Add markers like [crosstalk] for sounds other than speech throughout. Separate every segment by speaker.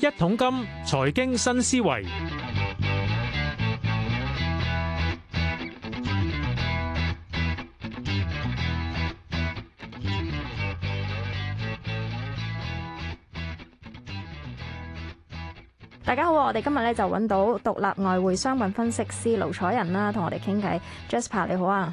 Speaker 1: 一桶金財經新思維，
Speaker 2: 大家好，我哋今日咧就揾到獨立外匯商品分析師盧楚仁啦，同我哋傾偈。Jasper 你好啊，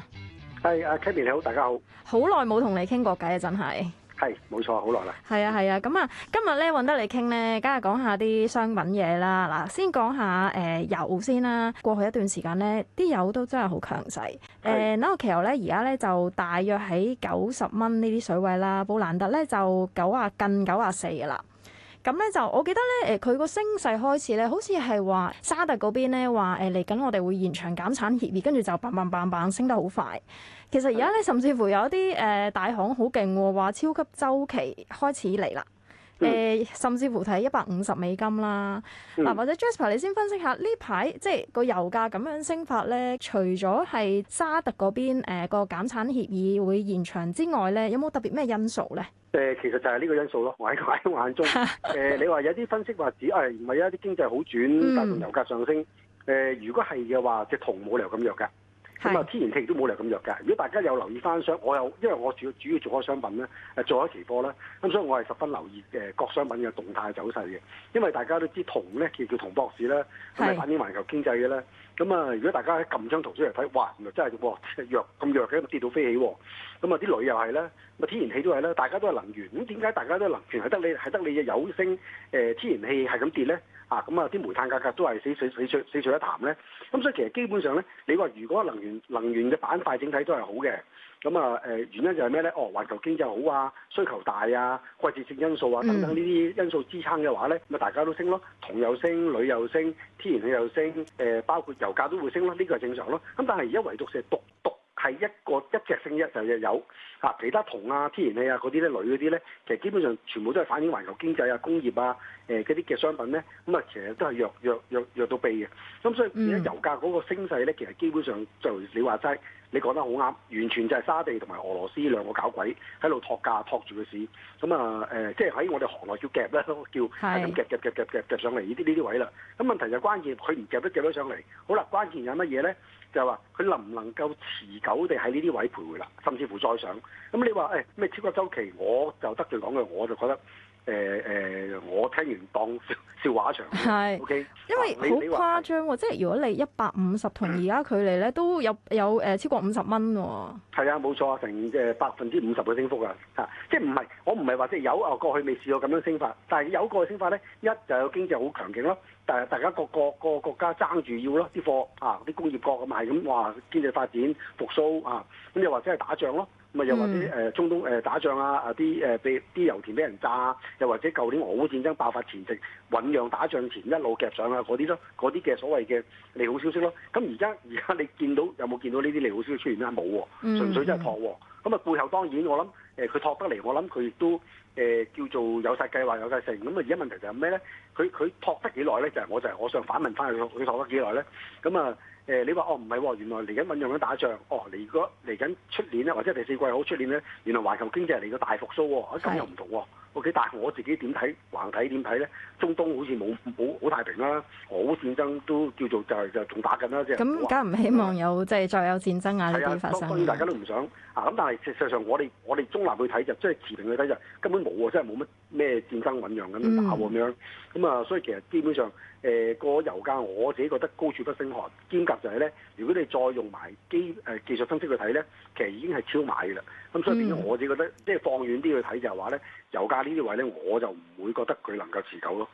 Speaker 1: 係啊，Kimi 你好，大家好，
Speaker 2: 好耐冇同你傾過偈啊，真係。係，冇錯，好耐啦。係啊，係啊，咁啊，今日咧揾得嚟傾咧，梗係講下啲商品嘢啦。嗱，先講下誒油先啦。過去一段時間咧，啲油都真係好強勢。誒的，嗱、呃那個汽油咧，而家咧就大約喺九十蚊呢啲水位啦。布蘭特咧就九啊近九啊四噶啦。咁咧就，我記得咧，誒，佢個升勢開始咧，好似係話沙特嗰邊咧話，誒嚟緊我哋會延長減產協議，跟住就棒棒棒棒升得好快。其實而家咧，甚至乎有一啲誒大行好勁，話超級周期開始嚟啦。誒、嗯，甚至乎睇一百五十美金啦。嗱、嗯，或者 Jasper，你先分析下呢排即係個油價咁樣升法咧，除咗係沙特嗰邊誒個減產協議會延長之外咧，有冇特別咩因素咧？
Speaker 1: 誒，其實就係呢個因素咯。我喺我喺眼中，誒、 [laughs] 呃，你話有啲分析話指誒唔係一啲經濟好轉，嗯、但動油價上升。誒、呃，如果係嘅話，隻銅冇理由咁弱㗎。咁啊，天然氣都冇理由咁弱㗎。如果大家有留意翻商，我又因為我主要主要做開商品咧，誒做開期貨咧，咁所以我係十分留意誒各商品嘅動態走勢嘅。因為大家都知銅咧叫叫銅博士啦，咁啊反映環球經濟嘅咧。咁啊，如果大家喺撳張圖出嚟睇，哇原來真係喎弱咁弱嘅，跌到飛起喎。咁啊，啲鋁又係啦，啊天然氣都係啦，大家都係能源，咁點解大家都係能源係得你係得你嘅油升誒天然氣係咁跌咧？啊，咁啊，啲煤炭價格，格都係死死死死死一潭咧，咁所以其實基本上咧，你話如果能源能源嘅板塊整體都係好嘅，咁啊誒原因就係咩咧？哦，環球經濟好啊，需求大啊，季節性因素啊等等呢啲因素支撐嘅話咧，咁啊大家都升咯，銅又升，鋁又升，升，天然氣又升，誒、呃、包括油價都會升咯，呢、這個係正常咯，咁但係而家唯獨係獨獨。係一個一隻升一就又有嚇，其他銅啊、天然氣啊嗰啲咧、鋁嗰啲咧，其實基本上全部都係反映環球經濟啊、工業啊、誒嗰啲嘅商品咧，咁啊其實都係弱弱弱弱到避嘅。咁所以而家油價嗰個升勢咧，其實基本上就你話齋。你講得好啱，完全就係沙地同埋俄羅斯兩個搞鬼喺度托價托住個市，咁啊誒，即係喺我哋行內叫夾咧，叫係咁的夾夾夾夾夾上嚟呢啲呢啲位啦。咁問題就關鍵，佢唔夾都夾到上嚟。好啦，關鍵有乜嘢咧？就係話佢能唔能夠持久地喺呢啲位徘徊啦，甚至乎再上。咁你話誒咩超過週期，我就得罪講句，我就覺得。誒誒、欸欸，我聽完當笑話一場。係是，Okay? 因為好誇
Speaker 2: 張喎，即係、啊、是如果你一百五十同而家距離咧，都有有誒、呃、超過五十蚊喎。
Speaker 1: 係啊，冇錯啊，成誒百分之五十嘅升幅啊，嚇！即係唔係我唔係話即係有啊，過去未試過咁樣升法，但係有個升法咧，一就有經濟好強勁咯，但係大家各個各個國家爭住要咯啲貨啊，啲工業國咁係咁，哇！經濟發展復甦啊，咁又或者係打仗咯。啊咪、嗯、又或者誒中東誒打仗啊啊啲誒俾啲油田俾人炸啊，又或者舊年俄烏戰爭爆發前夕醖釀打仗前一路夾上啊嗰啲咯，嗰啲嘅所謂嘅利好消息咯。咁而家而家你見到有冇見到呢啲利好消息出現咧？冇喎、啊，純粹真係托喎、啊。咁啊、嗯嗯、背後當然我諗誒佢托得嚟，我諗佢亦都誒、呃、叫做有晒計劃有晒成。咁啊而家問題就係咩咧？佢佢托得幾耐咧？就係、是、我就係、是、我想反問翻佢，佢托得幾耐咧？咁啊？誒、呃，你話哦，唔係喎，原來嚟緊醞釀緊打仗，哦，嚟如嚟緊出年咧，或者第四季好出年咧，原來環球經濟係嚟到大復甦喎、哦，咁又唔同喎。但係我自己點睇？橫睇點睇咧？中東好似冇冇好太平啦，俄烏戰爭都叫做就係就仲打緊啦。即係咁，梗唔希
Speaker 2: 望有即係再有戰爭喺呢邊發生。當然大家
Speaker 1: 都唔想啊。咁但係事實上，我哋我哋中立去睇就即係持平去睇就根本冇啊，即係冇乜咩戰爭醖釀緊打咁樣。咁啊，所以其實基本上誒個油價我自己覺得高處不勝寒。兼夾就係咧，如果你再用埋基誒技術分析去睇咧，其實已經係超買嘅啦。咁所以變咗我自己覺得，即係放遠啲去睇就係話咧。油價呢啲位咧，我就唔會覺得佢能夠持久咯。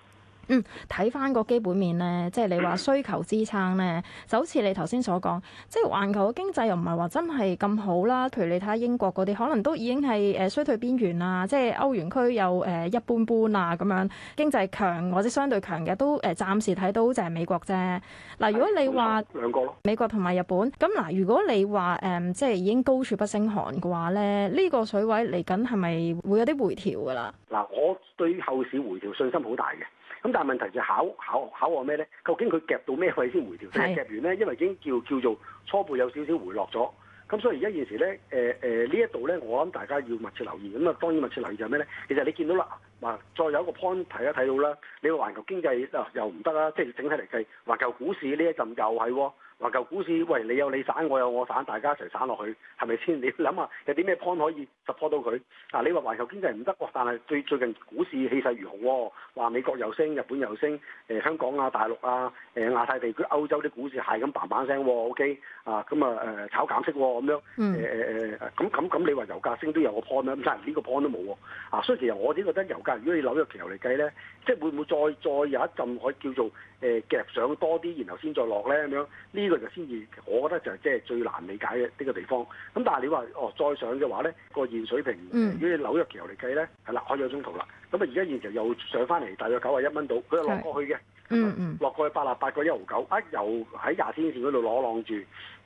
Speaker 2: 嗯，睇翻個基本面咧，即係你話需求支撐咧，嗯、就好似你頭先所講，即係環球嘅經濟又唔係話真係咁好啦。譬如你睇下英國嗰啲，可能都已經係誒衰退邊緣啊。即係歐元區又誒一般般啊，咁樣經濟強或者相對強嘅都誒暫時睇到就係美國啫。嗱是，如果你話兩個美國同埋日本咁嗱，如果你話誒、嗯、即係已經高處不勝寒嘅話咧，呢、呢個水位嚟緊係咪會有啲回調噶啦？
Speaker 1: 嗱，我對後市回調信心好大嘅。咁但係問題就考考考我咩咧？究竟佢夾到咩位先回調？但係的夾完咧，因為已經叫叫做初步有少少回落咗。咁所以而家現時咧，誒誒呢一度咧，呃、我諗大家要密切留意。咁啊，當然密切留意就係咩咧？其實你見到啦。話再有個 point 提一睇到啦，你話環球經濟又唔得啦，即係整體嚟計，環球股市呢一陣又係喎，環球股市喂你有你散，我有我散，大家一齊散落去係咪先？你諗下有啲咩 point 可以 support 到佢？嗱，你話環球經濟唔得喎，但係最最近股市氣勢如虹喎，話美國又升，日本又升，誒香港啊大陸啊，誒亞太地區、歐洲啲股市係咁棒棒聲喎，OK 啊咁啊誒炒減息喎咁樣，誒誒誒咁咁咁你話油價升都有個 point 啦，咁但係呢個 point 都冇喎，啊所以其實我自己覺得油價。如果你紐約期油嚟計咧，即係會唔會再再有一陣可以叫做誒夾上多啲，然後先再落咧咁樣？呢、呢個就先至，我覺得就係即係最難理解嘅呢個地方。咁但係你話哦，再上嘅話咧，個現水平，mm. 如果你紐約期油嚟計咧，係啦，開咗中途啦。咁啊，而家現時又上翻嚟，大約九啊一蚊到，佢又落過去嘅，落過去嘅、嗯嗯、落過去八啊八個一毫九，一又喺廿天線嗰度攞浪住，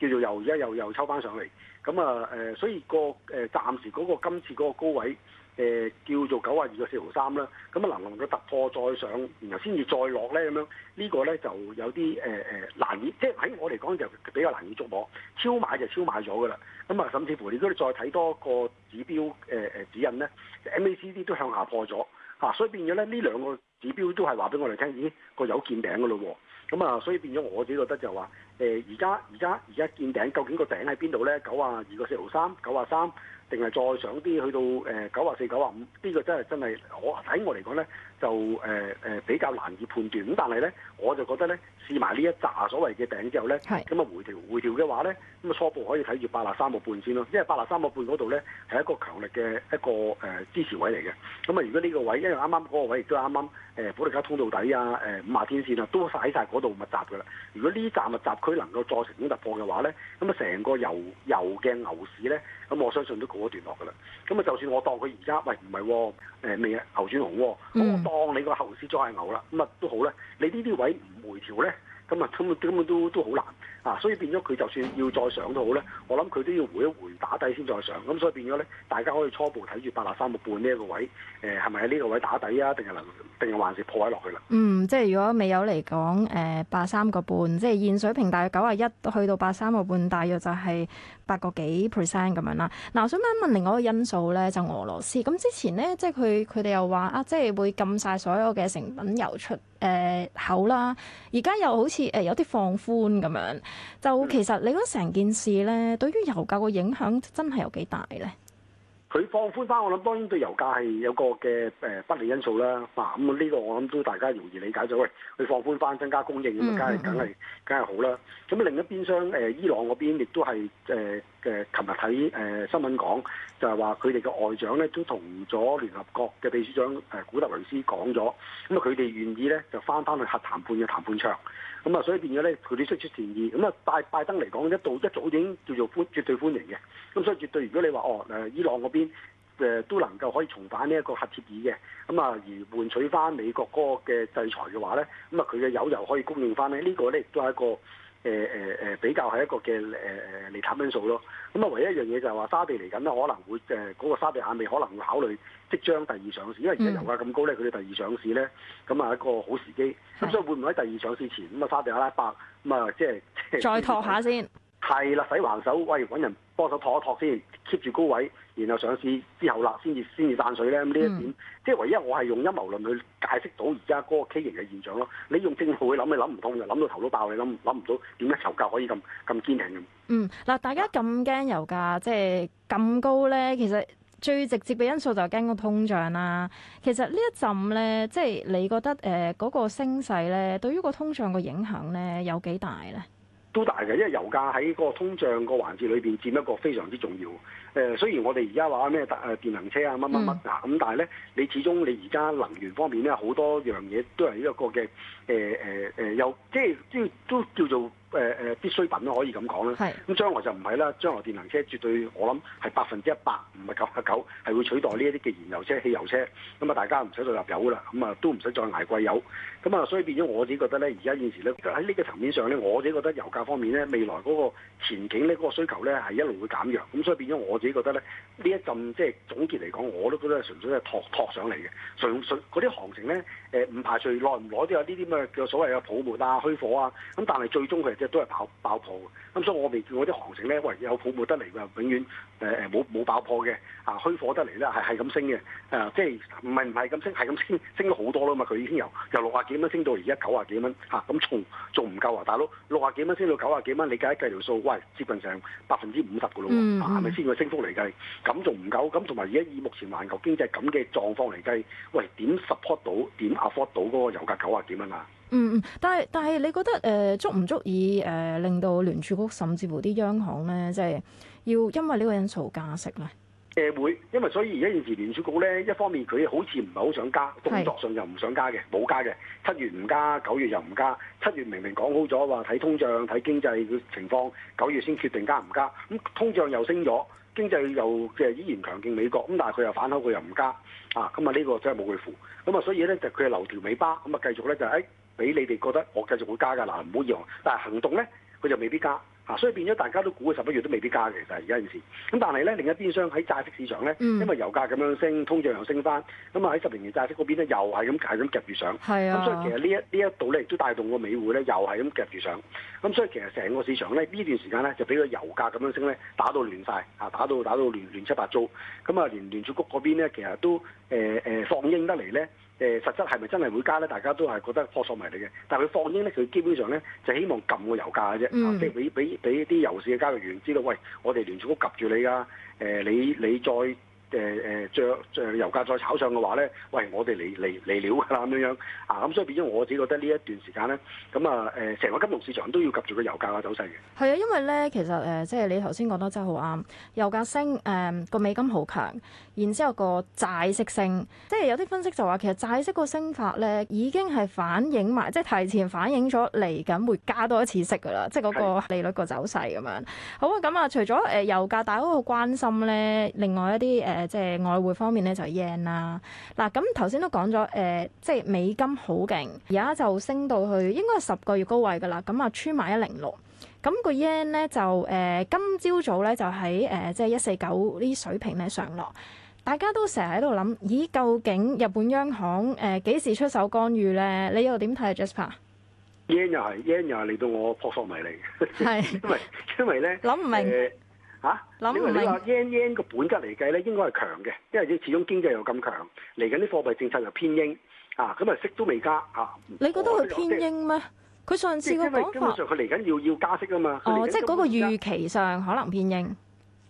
Speaker 1: 叫做又而家又又抽翻上嚟。咁啊誒，所以、嗰個誒暫時嗰、嗰個今次嗰個高位。誒叫做九啊二個四毫三啦，咁啊能能夠突破再上，然後先至再落咧咁樣，呢、這個咧就有啲誒誒難以，即係喺我嚟講就比較難以捉摸。超買就超買咗噶啦，咁啊甚至乎如果你再睇多個指標誒誒、呃、指引咧，MACD 都向下破咗吓，所以變咗咧呢兩個指標都係話俾我哋聽，已經個有見頂噶咯喎，咁啊所以變咗我自己覺得就話。誒而家而家而家見頂，究竟個頂喺邊度咧？九啊二個四毫三，九啊三，定係再上啲去到誒九啊四、九啊五？呢個真係真係我喺我嚟講咧，就誒誒、呃、比較難以判斷。咁但係咧，我就覺得咧，試埋呢一扎所謂嘅頂之後咧，咁啊是回調回調嘅話咧，咁啊初步可以睇住八啊三個半先咯。因為八啊三個半嗰度咧係一個強力嘅一個誒支持位嚟嘅。咁、呃、啊，呃啊，如果呢個位因為啱啱嗰個位亦都啱啱誒保力加通道底啊，誒五十天線啊都曬喺曬嗰度密集㗎啦。如果呢一紮密集。佢能夠再成功突破嘅話呢，咁啊成個油油嘅牛市呢，咁我相信都告一段落噶啦。咁啊，就算我當佢而家喂，唔係，誒未牛轉紅喎、哦、嗯、我當你個後市再係牛啦，咁啊都好咧。你呢啲位唔回調呢？咁啊，咁啊，根本都都好難啊！所以變咗佢就算要再上都好咧，我諗佢都要回一回打底先再上。咁所以變咗咧，大家可以初步睇住八十三個半呢一個位，誒係咪喺呢個位打底啊？定係能定係還是破位落去啦？
Speaker 2: 嗯，即係如果未有嚟講誒八三個半，即係現水平大約九啊一，去到八三個半大約就係八個幾 percent 咁樣啦。嗱，我想問一問另外一個因素咧，就俄羅斯。咁之前咧，即係佢佢哋又話啊，即係會禁晒所有嘅成品油出。誒厚啦，而家、嗯、又好似誒、呃、有啲放寬咁樣，就其實你覺得成件事咧，對於油價個影響真係有幾大咧？
Speaker 1: 佢放寬返，我諗當然對油價係有個嘅誒不利因素啦。嗱、啊，咁、嗯、呢、這個我諗都大家容易理解咗嘅。佢、哎、放寬返，增加供應咁啊，梗係梗係梗係好啦。咁另一邊廂誒、呃，伊朗嗰邊亦都係誒。呃誒，琴日睇誒新聞講，就係話佢哋嘅外長咧都同咗聯合國嘅秘書長誒古特雷斯講咗，咁啊佢哋願意咧就翻返去核談判嘅談判場，咁、嗯、啊所以變咗咧佢哋釋出善意，咁啊拜拜登嚟講一度一早已經叫做歡絕對歡迎嘅，咁、嗯、所以絕對如果你話哦誒伊朗嗰邊、呃、都能夠可以重返呢一個核協議嘅，咁、嗯、啊而換取翻美國嗰個嘅制裁嘅話咧，咁啊佢嘅有油可以供應翻咧，這個、呢個咧亦都係一個。誒誒誒比較係一個嘅誒誒利淡因素咯，咁啊唯一一樣嘢就係話沙地嚟緊咧可能會誒嗰個沙地阿美可能會考慮即將第二上市，因為而家油價咁高咧，佢哋、嗯、第二上市咧，咁啊一個好時機，咁是所以會唔會喺第二上市前咁啊沙地阿拉伯，咁啊、嗯呃、即係再拖下先。 [laughs] 係啦，使橫手喂揾人幫手托一托先，keep 住高位，然後上市之後啦，先至先至散水咧。咁呢一點，嗯、即係唯一我係用陰謀論去解釋到而家嗰個畸形嘅現象咯。你用正路去諗，你諗唔通，就諗到頭都爆，你諗諗唔到點解油價可以咁咁堅硬嘅。嗯，
Speaker 2: 嗱，大家咁驚油價即係咁高咧，其實最直接嘅因素就係驚個通脹啦。其實一陣呢一陣咧，即、就、係、是、你覺得誒嗰個升勢咧，對於個通脹個影響咧，有幾大咧？
Speaker 1: 都大嘅，因為油價喺個通脹個環節裏邊占一個非常之重要。誒、呃，雖然我哋而家話咩誒電能車啊乜乜乜啊，咁但係咧，你始終你而家能源方面咧好多樣嘢都係一個嘅誒誒誒，又、呃呃、即係即係都叫做。誒誒必需品都可以咁講啦。係、嗯。咁、嗯嗯嗯、將來就唔係啦，將來電能車絕對我諗係百分之一百，唔係九十九，係會取代呢一啲嘅燃油車、汽油車。咁、嗯、啊，大家唔使再入油啦，咁、嗯、啊都唔使再捱貴油。咁、嗯、啊，所以變咗我自己覺得咧，而家現時咧喺呢個層面上咧，我自己覺得油價方面咧，未來嗰個前景咧，嗰、那個需求咧係一路會減弱。咁、嗯、所以變咗我自己覺得咧，呢一陣即係總結嚟講，我都覺得係純粹係托托上嚟嘅。純粹嗰啲行情咧，誒、呃、唔排除耐唔耐都有呢啲咩叫所謂嘅泡沫啊、虛火啊。咁但係最終佢都係爆爆破，咁、啊、所以我哋叫我啲行情咧，喂，有泡沫得嚟㗎，永遠誒誒冇冇爆破嘅，啊，虛火得嚟啦，係係咁升嘅，啊，即係唔係唔係咁升，係咁升，升咗好多啦嘛，佢已經由由六啊幾蚊升到而家九啊幾蚊，嚇、啊，咁仲仲唔夠啊，大佬，六啊幾蚊升到九啊幾蚊，你計一計條數，喂，接近成百分之五十㗎咯喎，係咪先佢升幅嚟計？咁仲唔夠？咁同埋而家以目前環球經濟咁嘅狀況嚟計，喂，點 support 到，點 afford 到嗰個油價九啊幾蚊啊？
Speaker 2: 嗯嗯，但係但係，你覺得誒足唔足以誒、呃、令到聯儲局甚至乎啲央行咧，即係要因為呢個因素加息咧？
Speaker 1: 誒會，因為所以而家現時聯儲局咧，一方面佢好似唔係好想加，動作上又唔想加嘅，冇加嘅。七月唔加，九月又唔加。七月明明講好咗話睇通脹、睇經濟嘅情況，九月先決定加唔加。咁通脹又升咗，經濟又即係依然強勁美國。咁但係佢又反口，佢又唔加啊！咁啊呢個真係冇佢符。咁啊所以咧就佢係留條尾巴，咁啊繼續咧就誒。哎俾你哋覺得我繼續會加㗎嗱，唔好以為，但係行動咧佢就未必加嚇、啊，所以變咗大家都估十一月都未必加嘅，其實而家件事，咁、啊、但係咧另一邊廂喺債息市場咧，嗯、因為油價咁樣升，通脹又升翻，咁啊喺十年期債息嗰邊咧又係咁係咁夾住上，咁、啊、所以其實呢一呢一度咧都帶動個美匯咧又係咁夾住上。咁、嗯、所以其實成個市場咧呢段時間咧就俾個油價咁樣升咧打到亂晒，嚇、啊，打到打到，打到亂亂七八糟。咁啊連聯儲局嗰邊咧其實都誒誒、呃呃呃、放鷹得嚟咧。呢誒實質係咪真係會加咧？大家都係覺得撲朔迷離嘅。但係佢放煙咧，佢基本上咧就係、希望撳個油價嘅啫。即係俾俾俾啲油市嘅交易員知道，喂，我哋聯儲局夾住你㗎、啊。誒、呃，你你再。誒誒，嗯、油價再炒上嘅話咧，喂，我哋嚟嚟嚟料㗎啦，咁樣樣啊，咁所以變咗我自己覺得呢一段時間咧，咁啊誒，成、嗯、個金融市場都要及住個油價嘅走勢嘅。
Speaker 2: 係啊，因為咧，其實誒、呃，即係你頭先講得真係好啱，油價升誒個、呃、美金好強，然之後個債息升，即係有啲分析就話其實債息個升法咧已經係反映埋，即係提前反映咗嚟緊會加多一次息㗎啦，即係嗰個利率個走勢咁樣。的好啊，咁啊，除咗誒油價，大家好關心咧，另外一啲誒。誒即係外匯方面咧就 yen 啦，嗱咁頭先都講咗誒，uh, 即係美金好勁，而家就升到去應該係十個月高位㗎啦。咁啊，穿埋一零六，咁個 yen 咧就誒、uh, 今朝早咧就喺誒即係一四九呢水平咧上落，大家都成日喺度諗，咦？究竟日本央行誒幾、呃、時出手干預咧？你又點睇，Jasper？yen
Speaker 1: 又係 yen 又係嚟到我破防嚟㗎，係是的 [laughs] 因為因為咧諗唔明。呃啊 y en, y en！因為你話 yen yen 個本質嚟計咧，應該係強嘅，因為你始終經濟又咁強，嚟緊啲貨幣政策又偏鷹啊，咁啊息都未加啊！你覺得佢偏
Speaker 2: 鷹咩？佢上次個基本上
Speaker 1: 佢嚟緊要要加息啊嘛！哦，即係
Speaker 2: 嗰個預期上可能偏鷹，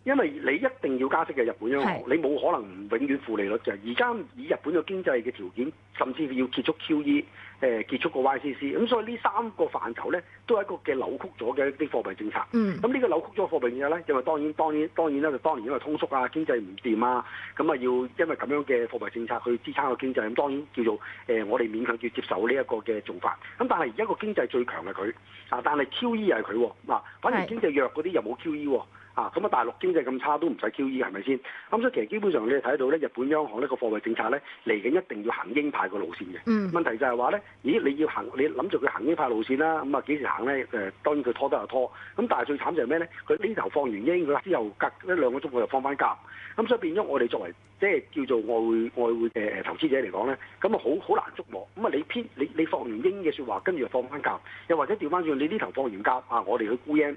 Speaker 1: 因為你一定要加息嘅日本央行，是你冇可能永遠負利率嘅。而家以日本嘅經濟嘅條件，甚至要結束 QE。誒結束個 YCC，咁所以呢三個範疇咧，都係一個嘅扭曲咗嘅一啲貨幣政策。嗯。咁呢個扭曲咗貨幣政策咧，因為當然當然當然咧，就當然因為通縮啊、經濟唔掂啊，咁啊要因為咁樣嘅貨幣政策去支撐個經濟。咁當然叫做誒、呃，我哋勉強要接受呢一個嘅做法。咁但係而家個經濟最強嘅佢啊，但係 QE 又係佢喎，嗱，反而經濟弱嗰啲又冇 QE 啊，咁是啊大陸經濟咁差都唔使 QE 係咪先？咁所以其實基本上你睇到咧，日本央行呢個貨幣政策咧嚟緊一定要行鷹派嘅路線嘅。嗯。問題就係話咧。咦，你要行，你諗住佢行呢塊路線啦，咁啊幾時行咧？誒，當然佢拖都係拖，咁但係最慘就係咩咧？佢呢頭放完鷹，佢之後隔一兩個鐘佢就放翻鴿，咁、嗯、所以變咗我哋作為即係叫做外匯外匯嘅誒投資者嚟講咧，咁啊好好難捉摸，咁、嗯、啊你偏你你放完鷹嘅説話，跟住又放翻鴿，又或者調翻轉，你呢頭放完鴿啊，我哋去沽鷹。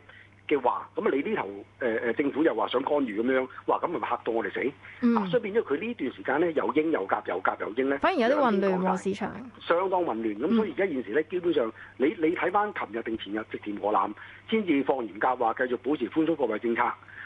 Speaker 1: 嘅話，咁你呢頭誒誒、呃、政府又話想干預咁樣，哇咁咪嚇到我哋死，所以變咗佢呢段時間咧又鷹又鴿又鴿又鷹咧，反而有啲混
Speaker 2: 相當混亂，
Speaker 1: 相當混亂。咁所以而家現時咧基本上，你你睇翻琴日定前日，植田和男先至放鴿話，繼續保持寬鬆貨幣政策。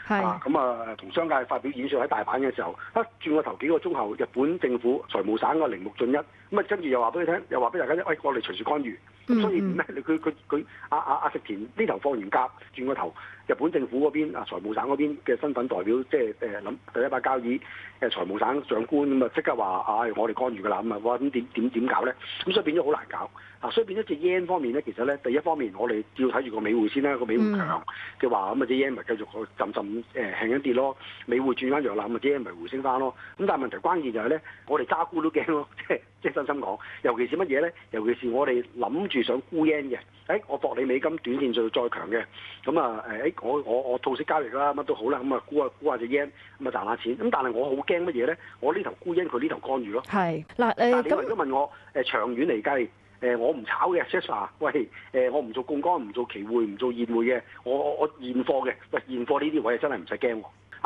Speaker 2: 是啊，
Speaker 1: 咁啊同商界發表演說喺大阪嘅時候，一轉個頭幾個鐘後，日本政府財務省個鈴木俊一咁啊，跟住又話俾你聽，又話俾大家聽喂、哎、我哋隨時干預。哎 [noise] 所以唔係佢佢佢阿阿阿石田呢頭放完假轉個頭，日本政府嗰邊啊，財務省嗰邊嘅身份代表，即係誒諗第一把交椅，誒財務省長官咁啊，即刻話啊、哎，我哋干預㗎啦，咁啊，哇，咁點點點搞咧？咁所以變咗好難搞，啊，所以變咗隻 yen 方面咧，其實咧，第一方面我哋要睇住個美匯先啦，個美匯強嘅話，咁、就、啊、是，隻 yen 咪繼續個浸浸誒輕一啲咯，美匯轉翻弱嘅話，咁啊，隻 yen 咪回升翻咯。咁但係問題關鍵就係、是、咧，我哋揸沽都驚咯，即係即係真心講，尤其是乜嘢咧？尤其是我哋諗住想沽 yen 嘅，誒、哎，我博你美金短線再再強嘅，咁啊誒。哎哎我我我套息交易啦，乜都好啦，咁啊沽下沽下隻 yen 咁啊賺下錢。咁但係我好驚乜嘢咧？我呢頭沽 yen 佢呢頭干預咯。係
Speaker 2: 嗱，呃、但你今日都
Speaker 1: 問我誒、呃、長遠嚟計，誒、呃、我唔炒嘅，Sasha，喂，誒、呃、我唔做槓桿，唔做期匯，唔做現匯嘅，我我現貨嘅，喂、呃、現貨呢啲位真係唔使驚。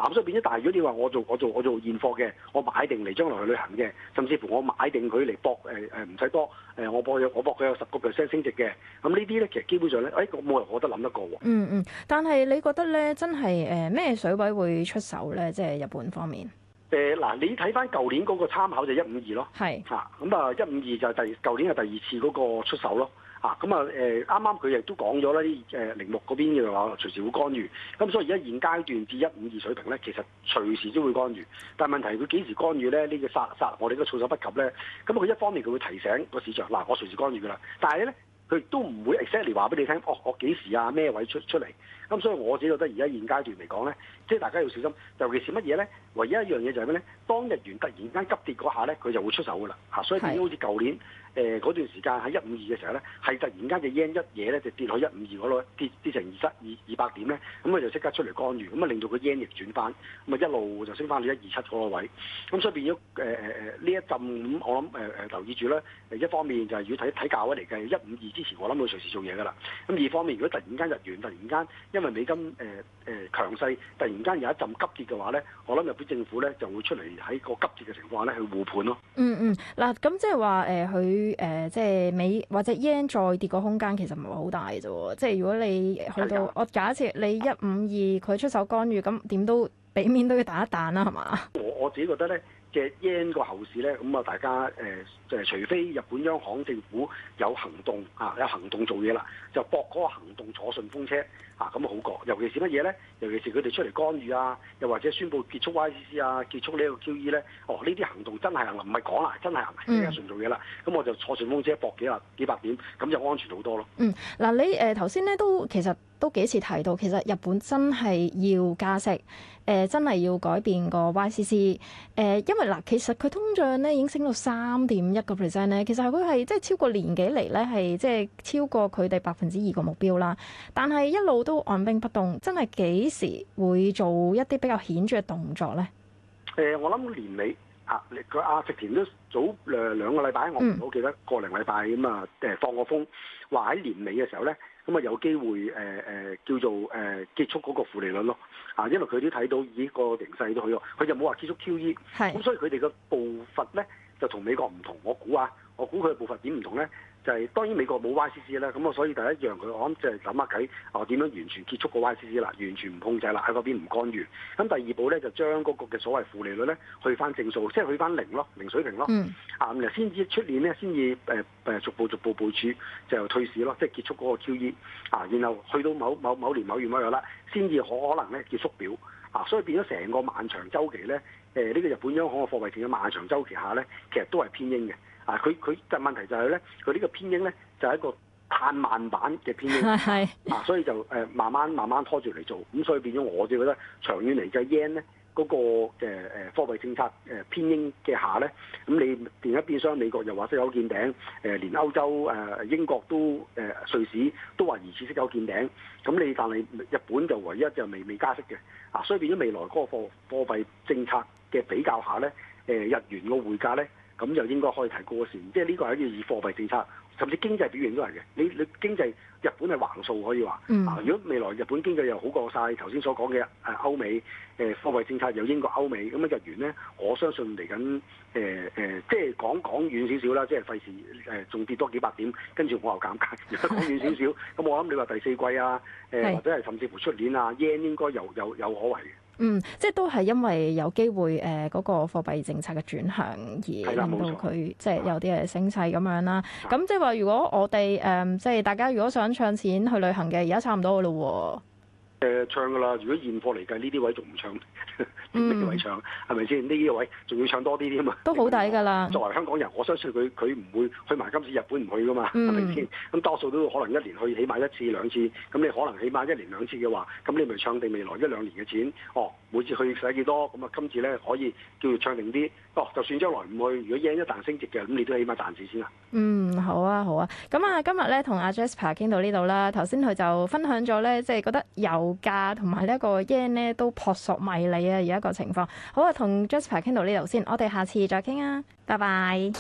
Speaker 1: 咁變咗，但係如果你話我做我做我做現貨嘅，我買定嚟將來去旅行嘅，甚至乎我買定佢嚟搏誒誒唔使多誒，我搏我搏佢有十個 percent 升值嘅，咁呢啲咧其實基本上咧，誒我冇人覺得諗得過喎。
Speaker 2: 嗯嗯，但係你覺得咧，真係誒咩水位會出手咧？即係日本方面
Speaker 1: 誒嗱、呃，你睇翻舊年嗰個參考就一五二咯，係嚇是，咁啊一五二就係第舊年嘅第二次嗰個出手咯。啊，咁、嗯、啊，誒，啱啱佢亦都講咗咧，誒，鈴木嗰邊嘅話隨時會干預，咁所以而家現階段至一五二水平咧，其實隨時都會干預，但係問題佢幾時干預咧？呢、呢個殺殺我哋都措手不及咧，咁佢一方面佢會提醒個市場，嗱、啊，我隨時干預㗎啦，但係咧，佢亦都唔會 explicitly 話俾你聽，哦、啊，我幾時啊，咩位出出嚟？咁所以我自己覺得而家現階段嚟講咧，即係大家要小心，尤其是乜嘢咧？唯一一樣嘢就係咩咧？當日元突然間急跌嗰下咧，佢就會出手噶啦嚇。所以變是好似舊年誒嗰、呃、段時間喺一五二嘅時候咧，係突然間隻 yen 一嘢咧就跌落一五二嗰度，跌跌成二七二二百點咧，咁佢就即刻出嚟干預，咁啊令到個 yen 逆轉翻，咁啊一路就升翻到一二七嗰個位。咁所以變咗誒誒誒呢一陣我諗誒誒留意住咧。一方面就係如果睇睇價位嚟嘅一五二之前，我諗會隨時做嘢噶啦。咁二方面如果突然間日元突然間因為美金誒誒強勢，突然間有一陣急跌嘅話咧，我諗日本政府咧就會出嚟喺個急跌嘅情況下咧去護盤咯。嗯
Speaker 2: 嗯，嗱、嗯，咁、呃呃、即係話誒佢誒即係美或者 yen 再跌個空間其實唔係好大啫。即係如果你去到、哎、呀我假設你一五二佢出手干預，咁點都俾面都要打一彈啦，係嘛？
Speaker 1: 我我自己覺得咧。嘅 yen 個後市咧，咁啊，大家誒誒，除非日本央行政府有行動啊，有行動做嘢啦，就博嗰個行動坐順風車啊，咁好過。尤其是乜嘢咧？尤其是佢哋出嚟干預啊，又或者宣布結束 Y C C 啊，結束呢一個 Q E 咧，哦，呢啲行動真係行唔係講啦，真係行，真係做嘢啦。咁我就坐順風車博幾百幾百點，咁就安全好多咯。嗯，
Speaker 2: 嗱，你誒頭先咧都其實。都幾次提到，其實日本真係要加息，誒、呃、真係要改變個 YCC，誒、呃、因為嗱、呃、其實佢通脹咧已經升到三點一個 percent 咧，其實佢係即係超過年幾嚟咧係即係超過佢哋百分之二個目標啦。但係一路都按兵不動，真係幾時會做一啲比較顯著嘅動作咧？
Speaker 1: 誒、呃，我諗年尾啊，個阿植田都早誒兩個、嗯、個禮拜，我唔好記得個零禮拜咁啊，誒放個風話喺年尾嘅時候咧。咁啊有機會誒誒、呃、叫做誒、呃、結束嗰個負利率咯啊，因為佢都睇到依、呢個形勢都好，佢就冇話結束 QE，咁是所以佢哋嘅步伐咧就同美國唔同，我估啊，我估佢嘅步伐點唔同咧？就係、是、當然美國冇 YCC 啦，咁我所以第一樣佢我諗就係諗下計哦點樣完全結束個 YCC 啦，完全唔控制啦，喺嗰邊唔干預。咁、嗯、第二步咧就將嗰個嘅所謂負利率咧去翻正數，即係去翻零咯，零水平咯。嗯、啊咁嚟先至出年咧先至誒誒逐步逐步部署就退市咯，即係結束嗰個 QE 啊。然後去到某某某年某月某日啦，先至可可能咧結束表啊。所以變咗成個漫長周期咧，誒、呃、呢、這個日本央行嘅貨幣戰嘅漫長周期下咧，其實都係偏鷹嘅。啊！佢佢個問題就係咧，佢呢個偏鷹咧就係、是、一個慢慢版嘅偏鷹，啊， [laughs] 所以就誒慢慢慢慢拖住嚟做，咁所以變咗我就覺得長遠嚟計 yen 咧嗰個嘅誒貨幣政策誒偏鷹嘅下咧，咁你另一邊相反，美國又話息口見頂，誒連歐洲誒英國都誒瑞士都話疑似息口見頂，咁你但係日本就唯一就未未加息嘅，啊，所以變咗未來嗰個貨貨幣政策嘅比較下咧，誒日元個匯價咧。咁又應該可以提高先，即係呢個係要以貨幣政策，甚至經濟表現都係嘅。你你經濟日本係橫數可以話，啊、嗯，如果未來日本經濟又好過晒頭先所講嘅誒歐美誒貨幣政策又英國歐美咁樣日元咧，我相信嚟緊誒誒，即係講講遠少少啦，即係費事誒仲跌多幾百點，跟住我又減價。如果講遠少少，咁 [laughs] 我諗你話第四季啊，誒或者係甚至乎出年啊，yen 應該有有有，有可為嘅。
Speaker 2: 嗯，即係都係因為有機會誒嗰、呃嗰個貨幣政策嘅轉向而令到佢即係有啲嘅升勢咁樣啦。咁的即係話，如果我哋誒、呃、即係大家如果想唱錢去旅行嘅，而家差唔多噶
Speaker 1: 咯喎。唱搶噶啦！如果現貨嚟計，呢啲位仲唔唱？ [laughs] 嗯，呢個位唱係咪先？呢個位仲要唱多啲啲嘛？
Speaker 2: 都好抵㗎啦！作
Speaker 1: 為香港人，我相信佢佢唔會去埋今次日本唔去㗎嘛，係咪先？咁、嗯、多數都可能一年去起碼一次兩次，咁你可能起碼一年兩次嘅話，咁你咪唱定未來一兩年嘅錢哦。每次去使幾多咁啊？今次咧可以叫佢唱定啲，哦，就算將來唔去，如果 yen 一旦升值嘅，咁你都起碼賺住先啦。嗯，
Speaker 2: 好啊，好啊，咁啊，今日咧同阿 Jasper 傾到呢度啦。頭先佢就分享咗咧，即係覺得油價同埋呢一個 yen 咧都撲朔迷離啊，而家個情況。好啊，同 Jasper 傾到呢度先，我哋下次再傾啊，拜拜。